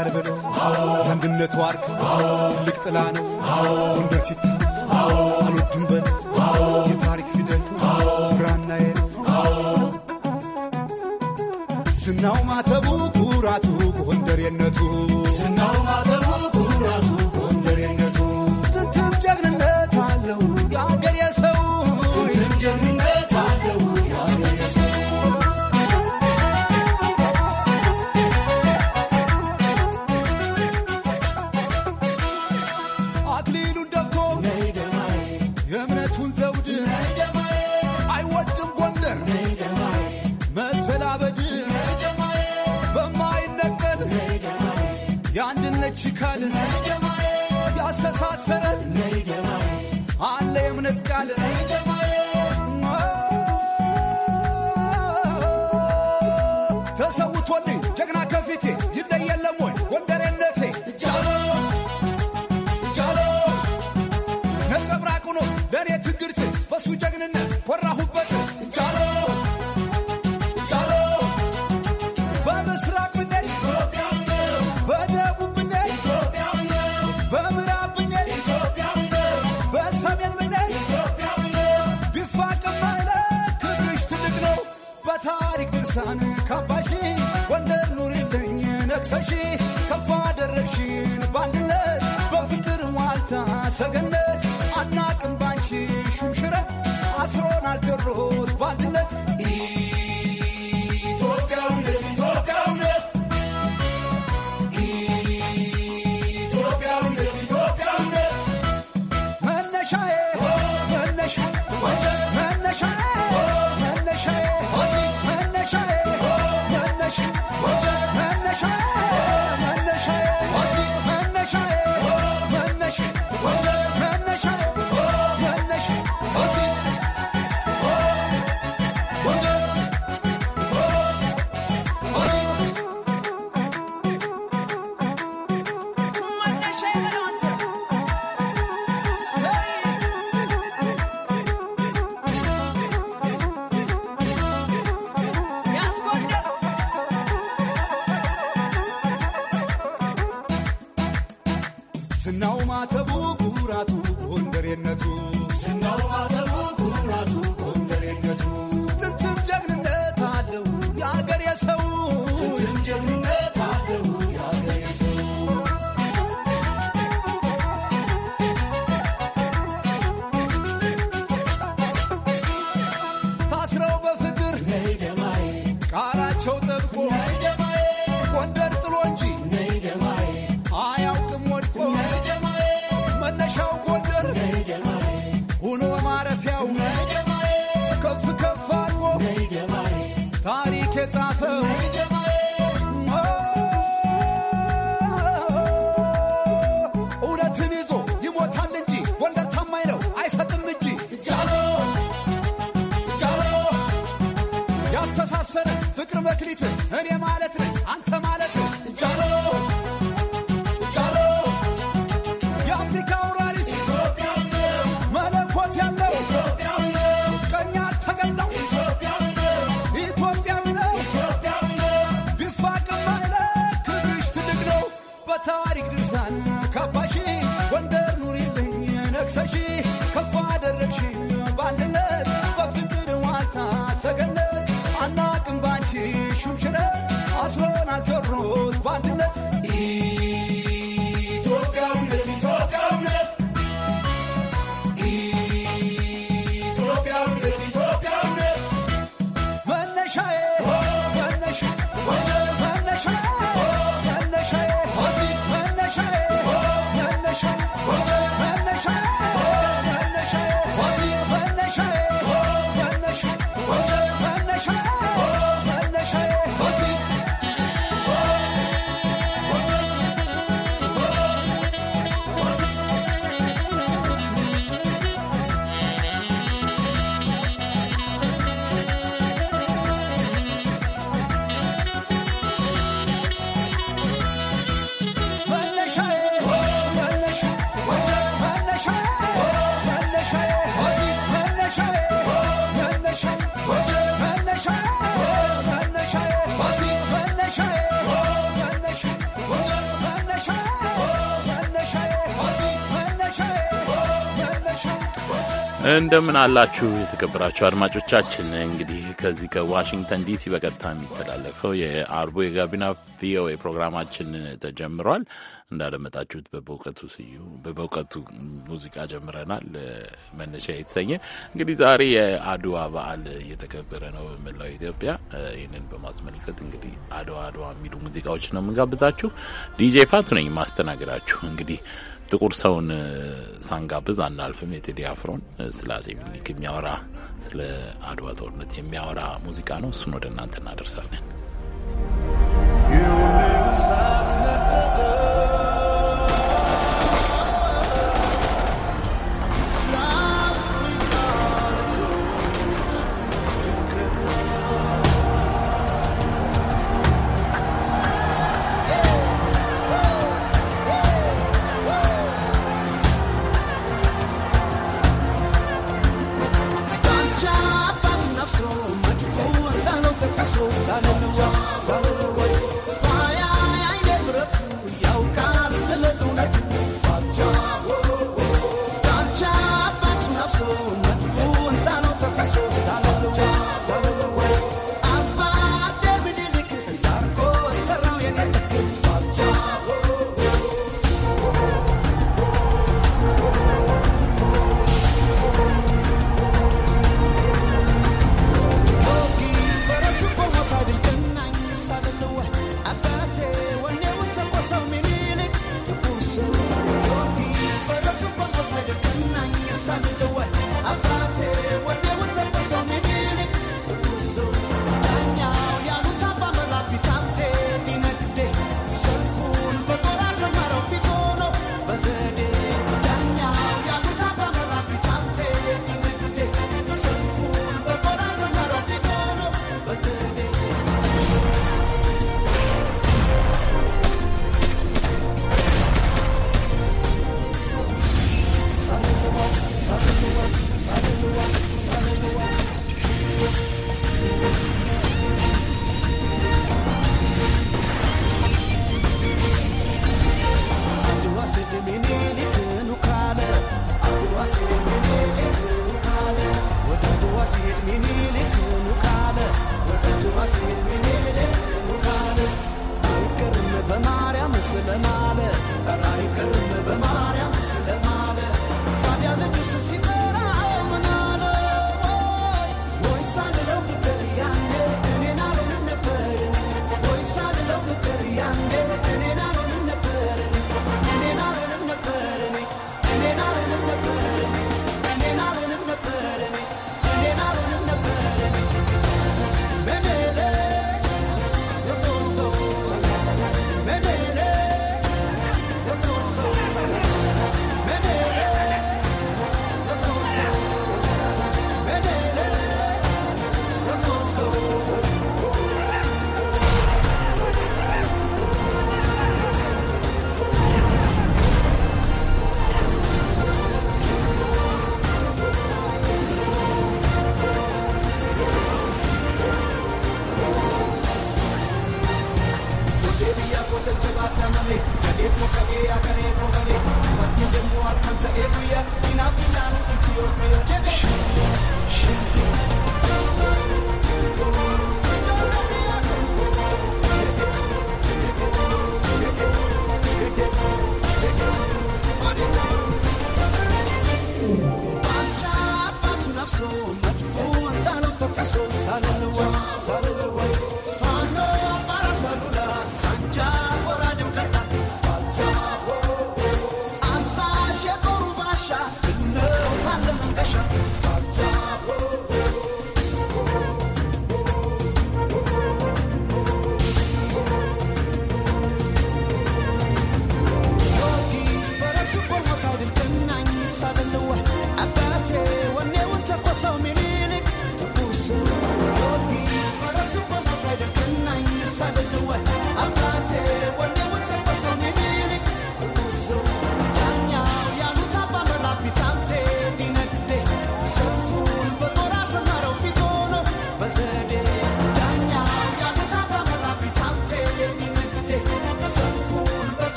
ያገናኛል በለው የአንድነቱ ዋርካ ትልቅ ጥላ ነው ጎንደር ሲታ አልወድም በል የታሪክ ፊደል ብራና ነው ዝናው ማታ መሰረት አለ የእምነት ቃል ተሰውቶልኝ ጀግና ከፊቴ ይለየለም ወይ ጎንደሬነቴ ነጸብራቅ ሆኖ ለእኔ ትግርት በሱ ጀግንነት አደረግሽ ከፍ አደረግሽን በፍቅር ዋልታ ሰገነት አድናቅም ባንቺ ሹምሽረት አስሮን manger. እንደምን አላችሁ የተከበራችሁ አድማጮቻችን። እንግዲህ ከዚህ ከዋሽንግተን ዲሲ በቀጥታ የሚተላለፈው የአርቡ የጋቢና ቪኦኤ ፕሮግራማችን ተጀምሯል። እንዳደመጣችሁት በበውቀቱ ስዩ በበውቀቱ ሙዚቃ ጀምረናል። መነሻ የተሰኘ እንግዲህ ዛሬ የአድዋ በዓል እየተከበረ ነው በመላው ኢትዮጵያ። ይህንን በማስመልከት እንግዲህ አድዋ አድዋ የሚሉ ሙዚቃዎች ነው የምንጋብዛችሁ። ዲጄ ፋቱ ነኝ ማስተናገዳችሁ እንግዲህ ጥቁር ሰውን ሳንጋብዝ አናልፍም። የቴዲ አፍሮን ስለ አጼ ሚኒሊክ የሚያወራ ስለ አድዋ ጦርነት የሚያወራ ሙዚቃ ነው። እሱን ወደ እናንተ እናደርሳለን።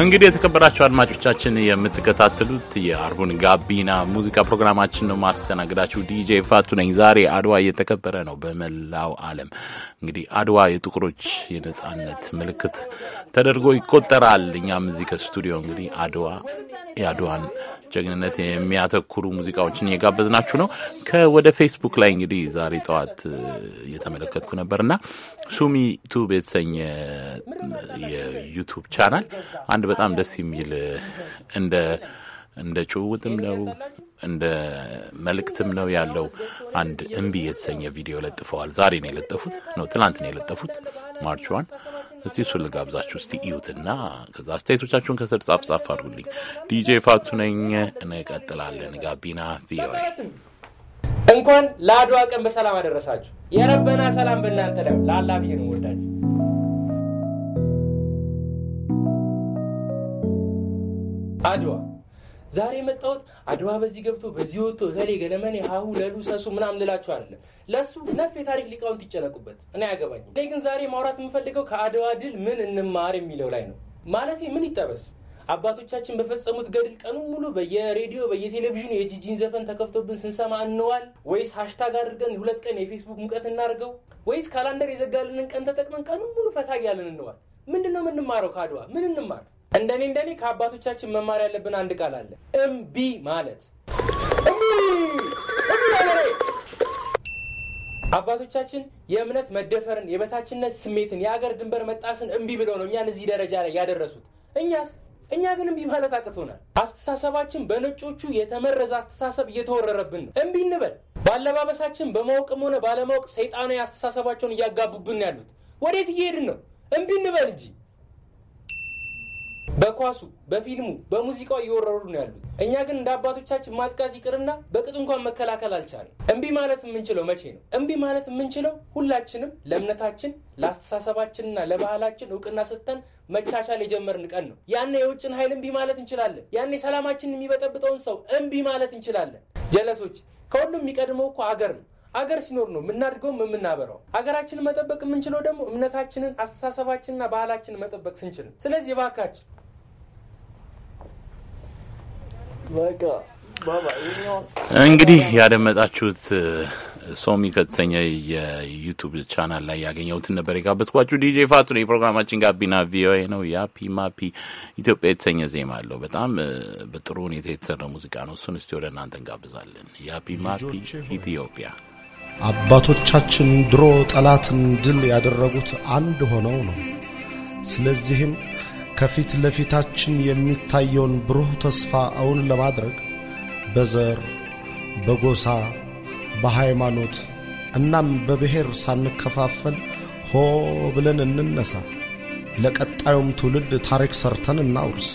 እንግዲህ የተከበራችሁ አድማጮቻችን የምትከታተሉት የአርቡን ጋቢና ሙዚቃ ፕሮግራማችን ነው። ማስተናግዳችሁ ዲጄ ፋቱ ነኝ። ዛሬ አድዋ እየተከበረ ነው በመላው ዓለም። እንግዲህ አድዋ የጥቁሮች የነጻነት ምልክት ተደርጎ ይቆጠራል። እኛም እዚህ ከስቱዲዮ እንግዲህ አድዋ የአድዋን ጀግንነት የሚያተኩሩ ሙዚቃዎችን እየጋበዝናችሁ ነው። ከወደ ፌስቡክ ላይ እንግዲህ ዛሬ ጠዋት እየተመለከትኩ ነበርና ሱሚ ቱብ የተሰኘ የዩቱብ ቻናል አንድ በጣም ደስ የሚል እንደ እንደ ጭውውጥም ነው እንደ መልእክትም ነው ያለው። አንድ እምቢ የተሰኘ ቪዲዮ ለጥፈዋል። ዛሬ ነው የለጠፉት ነው ትላንት ነው የለጠፉት ማርች ዋን። እስቲ እሱን ልጋብዛችሁ እስቲ እዩትና ከዛ አስተያየቶቻችሁን ከስር ጻፍ ጻፍ አድርጉልኝ። ዲጄ ፋቱ ነኝ። እንቀጥላለን። ጋቢና ቪኦኤ እንኳን ለአድዋ ቀን በሰላም አደረሳችሁ። የረበና ሰላም በእናንተ ላይ ለአላ ብዬ ነው ወዳችሁ። አድዋ ዛሬ የመጣሁት አድዋ በዚህ ገብቶ በዚህ ወጥቶ እከሌ ገለመኔ ሀሁ ለሉ ሰሱ ምናምን ልላችሁ አይደለም። ለሱ ነፍ የታሪክ ሊቃውንት ይጨነቁበት እኔ ያገባኝ። እኔ ግን ዛሬ ማውራት የምፈልገው ከአድዋ ድል ምን እንማር የሚለው ላይ ነው። ማለት ምን ይጠበስ አባቶቻችን በፈጸሙት ገድል ቀኑ ሙሉ በየሬዲዮ በየቴሌቪዥኑ የጂጂን ዘፈን ተከፍቶብን ስንሰማ እንዋል? ወይስ ሀሽታግ አድርገን ሁለት ቀን የፌስቡክ ሙቀት እናርገው? ወይስ ካላንደር የዘጋልንን ቀን ተጠቅመን ቀኑ ሙሉ ፈታ እያለን እንዋል? ምንድን ነው የምንማረው? ካድዋ ምን እንማር? እንደኔ እንደኔ ከአባቶቻችን መማር ያለብን አንድ ቃል አለ፣ እምቢ ማለት አባቶቻችን የእምነት መደፈርን፣ የበታችነት ስሜትን፣ የአገር ድንበር መጣስን እምቢ ብለው ነው እኛን እዚህ ደረጃ ላይ ያደረሱት። እኛስ እኛ ግን እምቢ ማለት አቅቶናል። አስተሳሰባችን በነጮቹ የተመረዘ አስተሳሰብ እየተወረረብን ነው። እምቢ እንበል። በአለባበሳችን በማወቅም ሆነ ባለማወቅ ሰይጣናዊ አስተሳሰባቸውን እያጋቡብን ያሉት ወዴት እየሄድን ነው? እምቢ እንበል እንጂ በኳሱ በፊልሙ በሙዚቃው እየወረሩ ነው ያሉት። እኛ ግን እንደ አባቶቻችን ማጥቃት ይቅርና በቅጡ እንኳን መከላከል አልቻለም። እምቢ ማለት የምንችለው መቼ ነው? እምቢ ማለት የምንችለው ሁላችንም ለእምነታችን ለአስተሳሰባችንና ለባህላችን እውቅና ሰጥተን መቻቻል የጀመርን ቀን ነው። ያኔ የውጭን ኃይል እምቢ ማለት እንችላለን። ያኔ ሰላማችንን የሚበጠብጠውን ሰው እምቢ ማለት እንችላለን። ጀለሶች፣ ከሁሉም የሚቀድመው እኮ አገር ነው። አገር ሲኖር ነው የምናድገውም የምናበረው። ሀገራችንን መጠበቅ የምንችለው ደግሞ እምነታችንን፣ አስተሳሰባችንና ባህላችንን መጠበቅ ስንችል። ስለዚህ የባካች እንግዲህ ያደመጣችሁት ሶሚ ከተሰኘ የዩቱብ ቻናል ላይ ያገኘሁትን ነበር የጋበዝኳችሁ። ዲጄ ፋቱ ነው። የፕሮግራማችን ጋቢና ቪኦኤ ነው። ያፒ ማፒ ኢትዮጵያ የተሰኘ ዜማ አለው። በጣም በጥሩ ሁኔታ የተሰራ ሙዚቃ ነው። እሱን እስቲ ወደ እናንተ እንጋብዛለን። ያፒ ማፒ ኢትዮጵያ አባቶቻችን ድሮ ጠላትን ድል ያደረጉት አንድ ሆነው ነው። ስለዚህም ከፊት ለፊታችን የሚታየውን ብሩህ ተስፋ እውን ለማድረግ በዘር፣ በጎሳ፣ በሃይማኖት እናም በብሔር ሳንከፋፈል ሆ ብለን እንነሳ። ለቀጣዩም ትውልድ ታሪክ ሰርተን እናውርስ።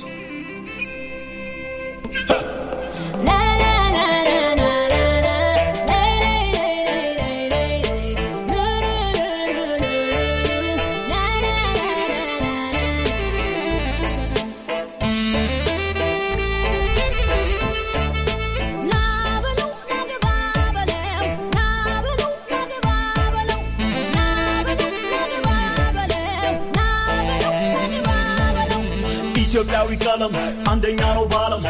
ኢትዮጵያዊ ቀለም አንደኛ ነው በዓለም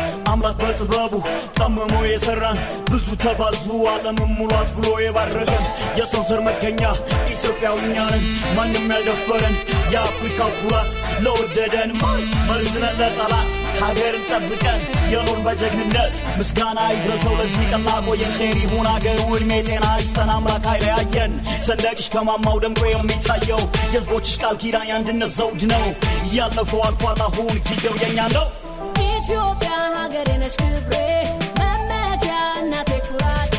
በጥበቡ ቀምሞ የሰራን ብዙ ተባዙ ዓለምን ሙሏት ብሎ የባረገን የሰው ዘር መገኛ ኢትዮጵያውኛንን ማንም ያልደፈረን የአፍሪካ ኩራት ለወደደን መልስነን ለጠላት ሀገርን ጠብቀን የኖር በጀግንነት ምስጋና ይድረሰው ለዚህ ቀላቆ የኼር ይሁን አገሩ ዕድሜ ጤና ይስጠን አምላክ አይለያየን። ሰንደቅሽ ከማማው ደምቆ የሚታየው የህዝቦችሽ ቃል ኪዳን የአንድነት ዘውድ ነው። እያለፈው አልፏል አሁን ጊዜው የኛ ነው። ሀገሬ ነሽ ክብሬ መመኪያ እናቴ ኩራት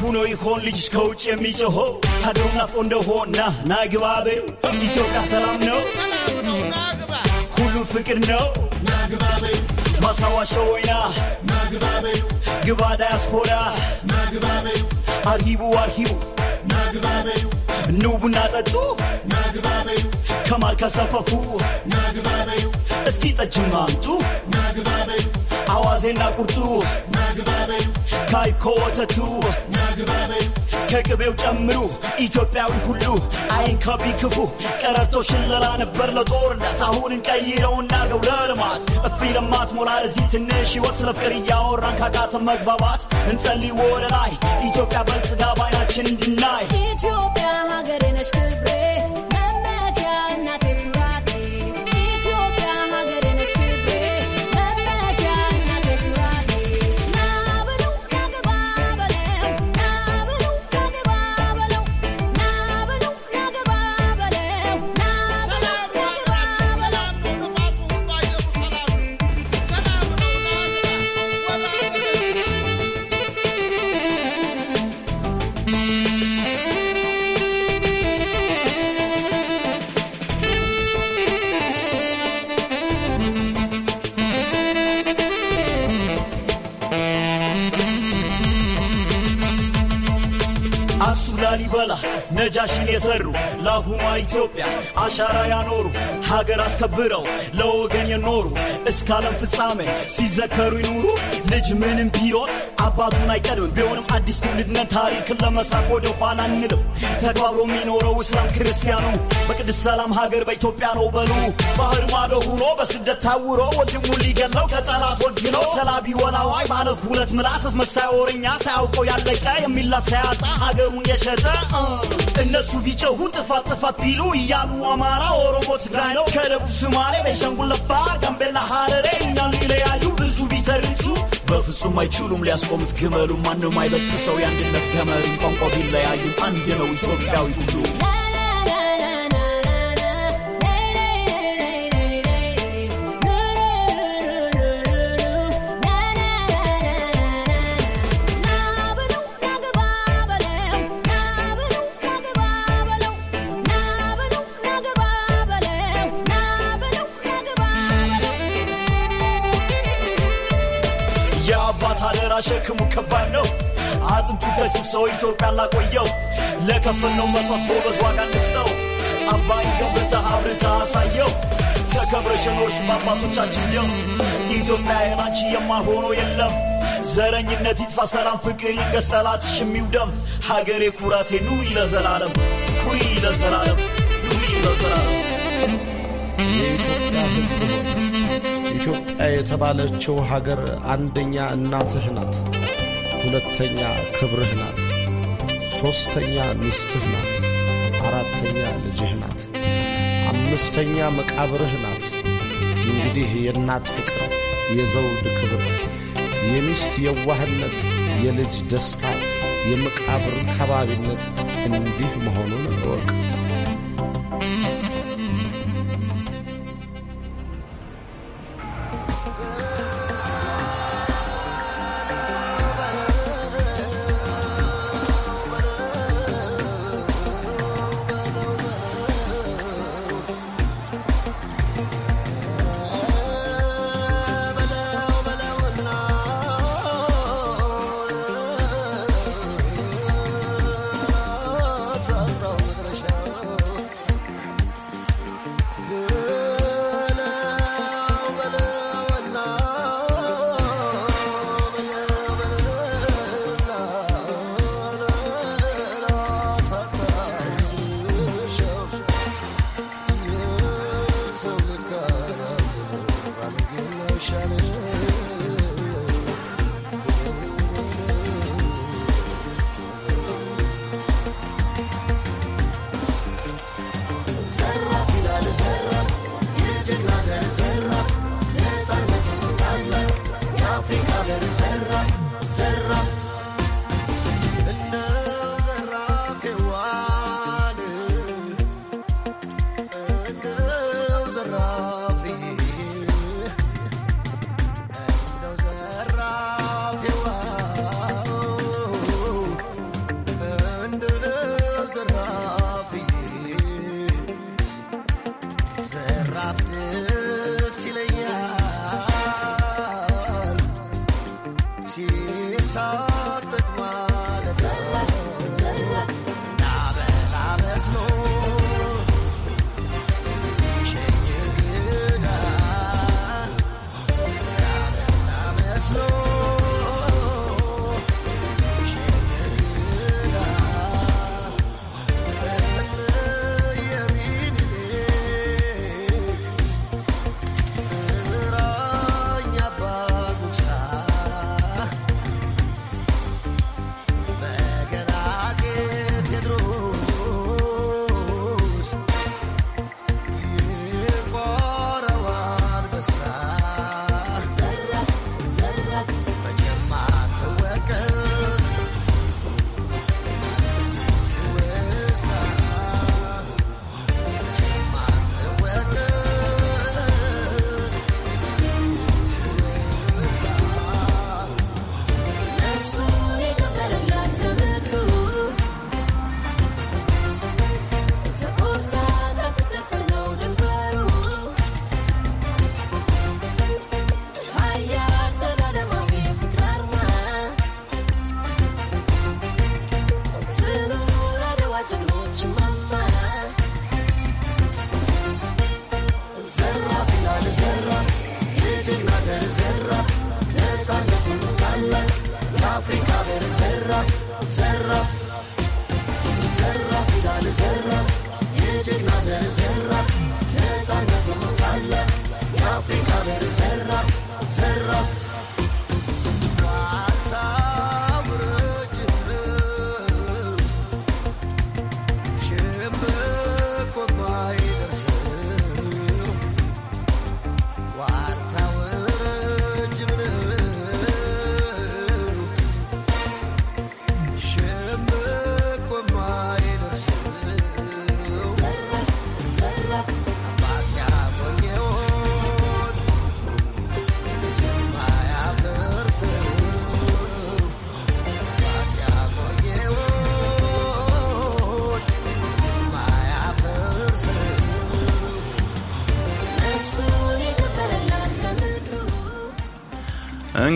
ሆኖ ይሆን ልጅሽ ከውጭ የሚጮኸው ሀገሩ ናፍቆ እንደሆና ናግባቤ ኢትዮጵያ ሰላም ነው ሁሉም ፍቅር ነው ናግባቤ ማሳዋ ሸወይና ግባ ዳያስፖራ አርሂቡ አርሂቡ ኑ ቡና ጠጡ ከማር ከሰፈፉ እስኪ ጠጅማ አምጡ አዋዜና ቁርጡ ካይኮ ወተቱ ከቅቤው ጨምሩ ኢትዮጵያዊ ሁሉ አይንከቢ ክፉ ቀረርቶ ሽለላ ነበር ለጦርነት አሁን እንቀይረውና ገብረ ልማት እፊ ለማት ሞላ ለዚህ ትንሽ ህይወት ስለ ፍቅር እያወራን ካቃተን መግባባት እንጸልይ ወደ ላይ ኢትዮጵያ በልጽጋ ባይናችን እንድናይ ኢትዮጵያ ሀገሬ ነሽ ክብሬ የሰሩ ለአሁኗ ኢትዮጵያ አሻራ ያኖሩ ሀገር አስከብረው ለወገን የኖሩ እስካለም ፍጻሜ ሲዘከሩ ይኑሩ። ልጅ ምንም ቢሮጥ አባቱን አይቀድምም። ቢሆንም አዲስ ትውልድነት ታሪክን ለመሳቅ ወደ ኋላ አንልም። ተግባብሮ የሚኖረው እስላም ክርስቲያኑ በቅድስት ሰላም ሀገር በኢትዮጵያ ነው በሉ። ባህር ማዶ ሁኖ በስደት ታውሮ ወንድሙ ሊገለው ከጠላት ወግነው ሰላቢ ወላዋይ ማለት ሁለት ምላስ አስመሳይ ወረኛ ሳያውቀው ያለቀ የሚላ ሳያጣ ሀገሩን የሸጠ እነሱ ቢጨሁ ጥፋት ጥፋት ቢሉ እያሉ አማራ፣ ኦሮሞ፣ ትግራይ ነው ከደቡብ ሶማሌ፣ ቤንሻንጉል፣ አፋር፣ ጋምቤላ፣ ሀረሬ እኛን ሊለያዩ ብዙ ቢተርንሱ በፍጹም አይችሉም ሊያስቆሙት ግመሉ። ማንም አይበጥ ሰው የአንድነት ገመሪ ቋንቋ ቢለያዩ አንድ ነው ኢትዮጵያዊ ሁሉ ሸክሙ ከባድ ነው። አጥንቱ ከሲብ ኢትዮጵያ ላቆየው ለከፈልነው መስዋዕት ጎበዝ ዋጋ እንስጠው። አባይ ገብተ አብርተ አሳየው። ተከብረሽ ኖርሽ በአባቶቻችን ደም። ኢትዮጵያ የላንቺ የማሆኖ የለም። ዘረኝነት ይጥፋ፣ ሰላም ፍቅር ይንገስ፣ ሽሚው ደም ሀገሬ ኩራቴ ኑ ለዘላለም፣ ኩሪ ለዘላለም፣ ኑ ለዘላለም። የኢትዮጵያ ሕዝብ ኢትዮጵያ የተባለችው ሀገር አንደኛ እናትህ ናት፣ ሁለተኛ ክብርህ ናት፣ ሦስተኛ ሚስትህ ናት፣ አራተኛ ልጅህ ናት፣ አምስተኛ መቃብርህ ናት። እንግዲህ የእናት ፍቅር፣ የዘውድ ክብር፣ የሚስት የዋህነት፣ የልጅ ደስታ፣ የመቃብር ከባቢነት እንዲህ መሆኑን እወቅ።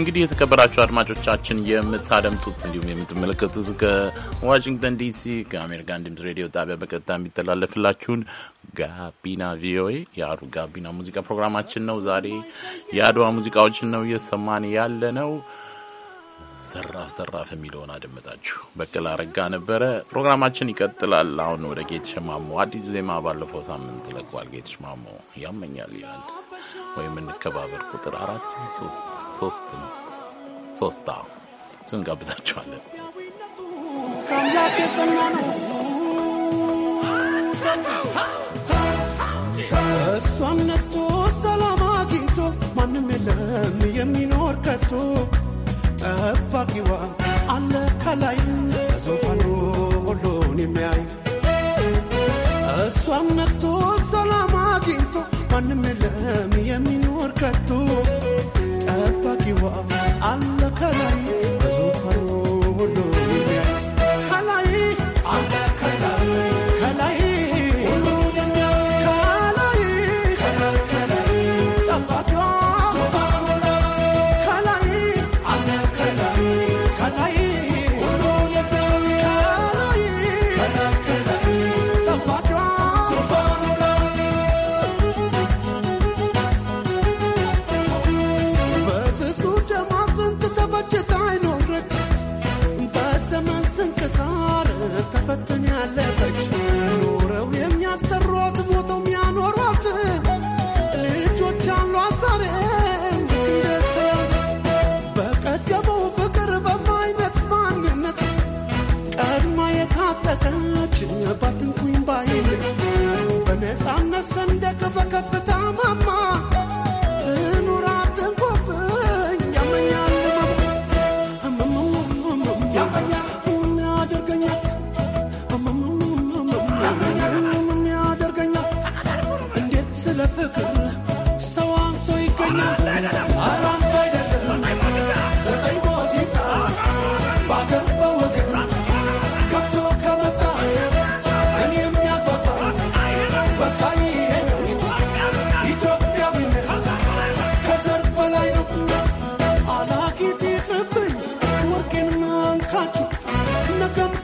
እንግዲህ የተከበራችሁ አድማጮቻችን የምታደምጡት እንዲሁም የምትመለከቱት ከዋሽንግተን ዲሲ ከአሜሪካን ድምጽ ሬዲዮ ጣቢያ በቀጥታ የሚተላለፍላችሁን ጋቢና ቪኦኤ የአሩ ጋቢና ሙዚቃ ፕሮግራማችን ነው። ዛሬ የአድዋ ሙዚቃዎችን ነው እየሰማን ያለ ነው። ዘራፍ ዘራፍ የሚለውን አደመጣችሁ። በቀል አረጋ ነበረ። ፕሮግራማችን ይቀጥላል። አሁን ወደ ጌትሽማሞ አዲስ ዜማ ባለፈው ሳምንት ለቋል። ጌትሽማሞ ያመኛል ይላል ወይም እንከባበር ቁጥር አራት ሶስት ሶስት ነው ሶስት አሁ እሱ እንጋብዛችኋለን። እሷም ነቅቶ ሰላም አግኝቶ ማንም የለም የሚኖር ከቶ ጠባቂዋ አለ ከላይ በዙፋኑ ሁሉን የሚያይ እሷም ነቅቶ ሰላም አግኝቶ ማንም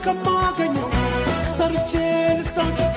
Come on, can you? Sarchin,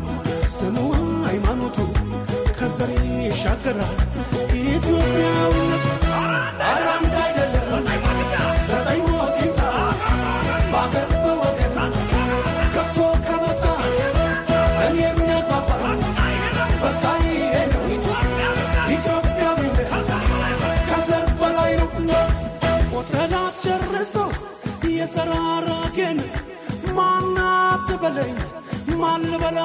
ከስር ይሻገራል ኢትዮጵያዊነት አራምዳ አይደለም ዘጠኝ ሞቲታ በአገር በወገን ከፍቶ ከመጣ እኔ የሚያግባባ በቃ ይሄ ከዘር በላይ ነው ቆጥረን አትጨርሰው ማናት በለኝ ማልበላ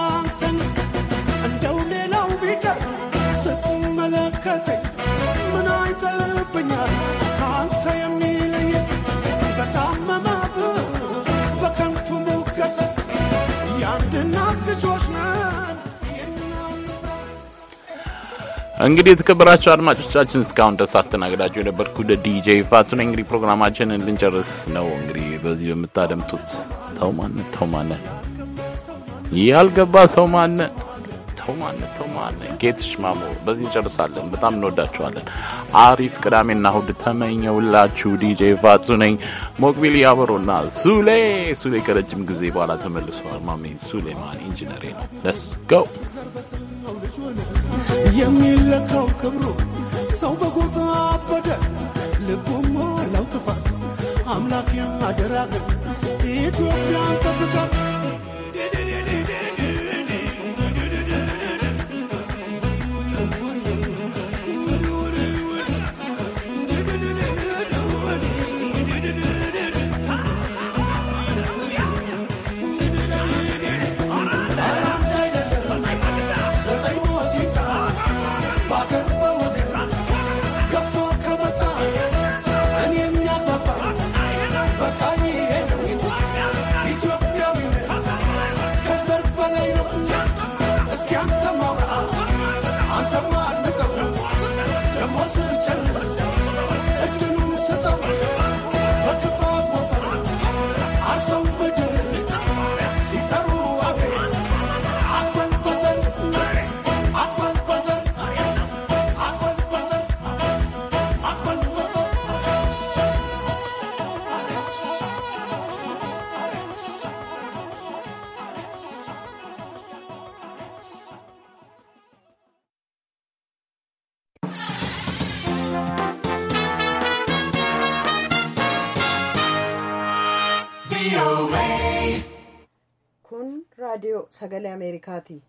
መመልከተኝ ምን አይተብኛል ከአንተ የሚለየ በታመመ በከንቱ ሙገሰ የአንድ እናት ልጆች ነን። እንግዲህ የተከበራችሁ አድማጮቻችን እስካሁን ድረስ አስተናግዳችሁ የነበርኩ ዲጄ ፋቱ ነኝ። እንግዲህ ፕሮግራማችንን ልንጨርስ ነው። እንግዲህ በዚህ በምታደምጡት ተው ማነ ተው ማነ ያልገባ ሰው ማነ ቶማን ቶማን ጌትሽ ማሞ በዚህ እንጨርሳለን። በጣም እንወዳችኋለን። አሪፍ ቅዳሜና እሁድ ተመኘውላችሁ። ዲጄ ፋቱ ነኝ። ሞክቢል ያበሮና ሱሌ ሱሌ ከረጅም ጊዜ በኋላ ተመልሷል። ማሜ ሱሌማን ኢንጂነሬ ነው። ለስ ጎ የሚለካው ክብሩ ሰው በጎታ አበደ ልቡም ላው ክፋት አምላክ ያደራገ ኢትዮጵያን ጠብቃት sagalee Ameerikaati.